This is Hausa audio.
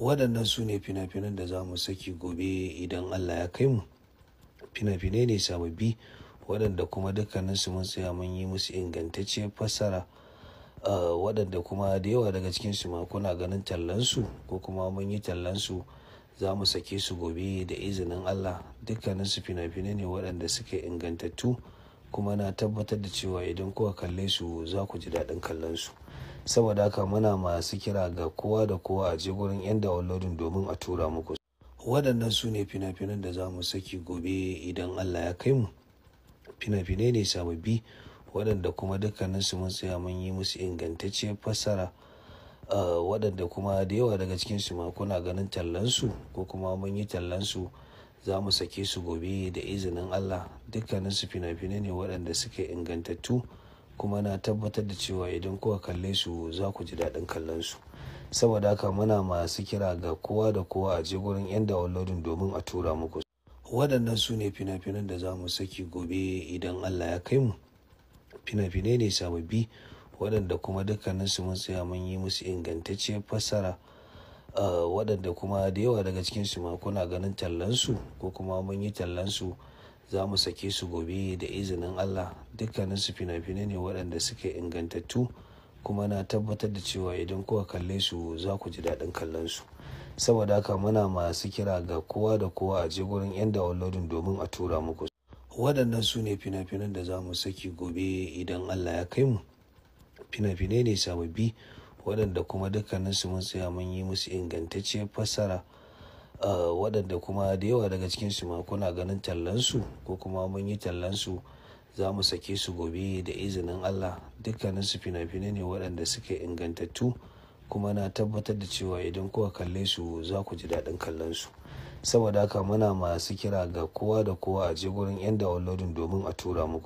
waɗannan su ne fina-finan da za mu saki gobe idan allah ya kai mu fina-finai ne sababbi waɗanda kuma dukkaninsu mun tsaya mun yi musu ingantacciyar fassara eh, waɗanda kuma da yawa daga cikinsu ma kuna ganin tallansu ko kuma mun yi tallansu za mu sake su gobe da izinin allah dukkaninsu fina-finai ne waɗanda suka ingantattu kuma na tabbatar da cewa idan kuka kalle su za ku ji daɗin kallon su. saboda haka muna masu kira ga kowa da kowa a je gurin yan downloading domin a tura muku waɗannan su ne fina-finan da za mu saki gobe idan allah ya kai mu fina-finai ne sababbi waɗanda kuma dukkaninsu mun tsaya mun yi musu ingantacciyar fassara ah, waɗanda kuma da yawa daga cikinsu ma kuna ganin tallansu ko kuma mun yi su za mu sake su gobe da izinin allah dukkaninsu fina-finai ne waɗanda suka ingantattu kuma na tabbatar da cewa idan kuka kalle su za ku ji daɗin kallon su saboda haka muna masu kira ga kowa da kowa a je gurin yan lodin domin a tura muku waɗannan su ne fina-finan da za mu saki gobe idan allah ya kai mu fina-finai ne sababbi waɗanda kuma dukkaninsu mun tsaya mun yi musu ingantacciyar fassara waɗanda kuma da yawa daga cikinsu ma kuna ganin tallansu ko kuma mun yi tallansu za mu sake su gobe da izinin allah dukkanin su fina-finai ne waɗanda suke ingantattu kuma na tabbatar da cewa idan kuka kalle su za ku ji daɗin kallon su saboda haka muna masu kira ga kowa da kowa a je gurin yan downloadin domin a tura muku waɗannan su ne fina-finan da za mu saki gobe idan allah ya kai mu fina-finai ne sababbi waɗanda kuma dukkaninsu mun tsaya mun yi musu ingantacciyar fassara Eh, waɗanda kuma da yawa daga cikinsu ma kuna ganin tallansu ko kuma mun yi tallansu za mu sake su gobe da izinin allah dukkaninsu fina-finai ne waɗanda suke ingantattu kuma na tabbatar da cewa idan kuka kalle su za ku ji daɗin kallon su saboda haka muna masu kira ga kowa da kowa a je gurin 'yan downloading domin a tura muku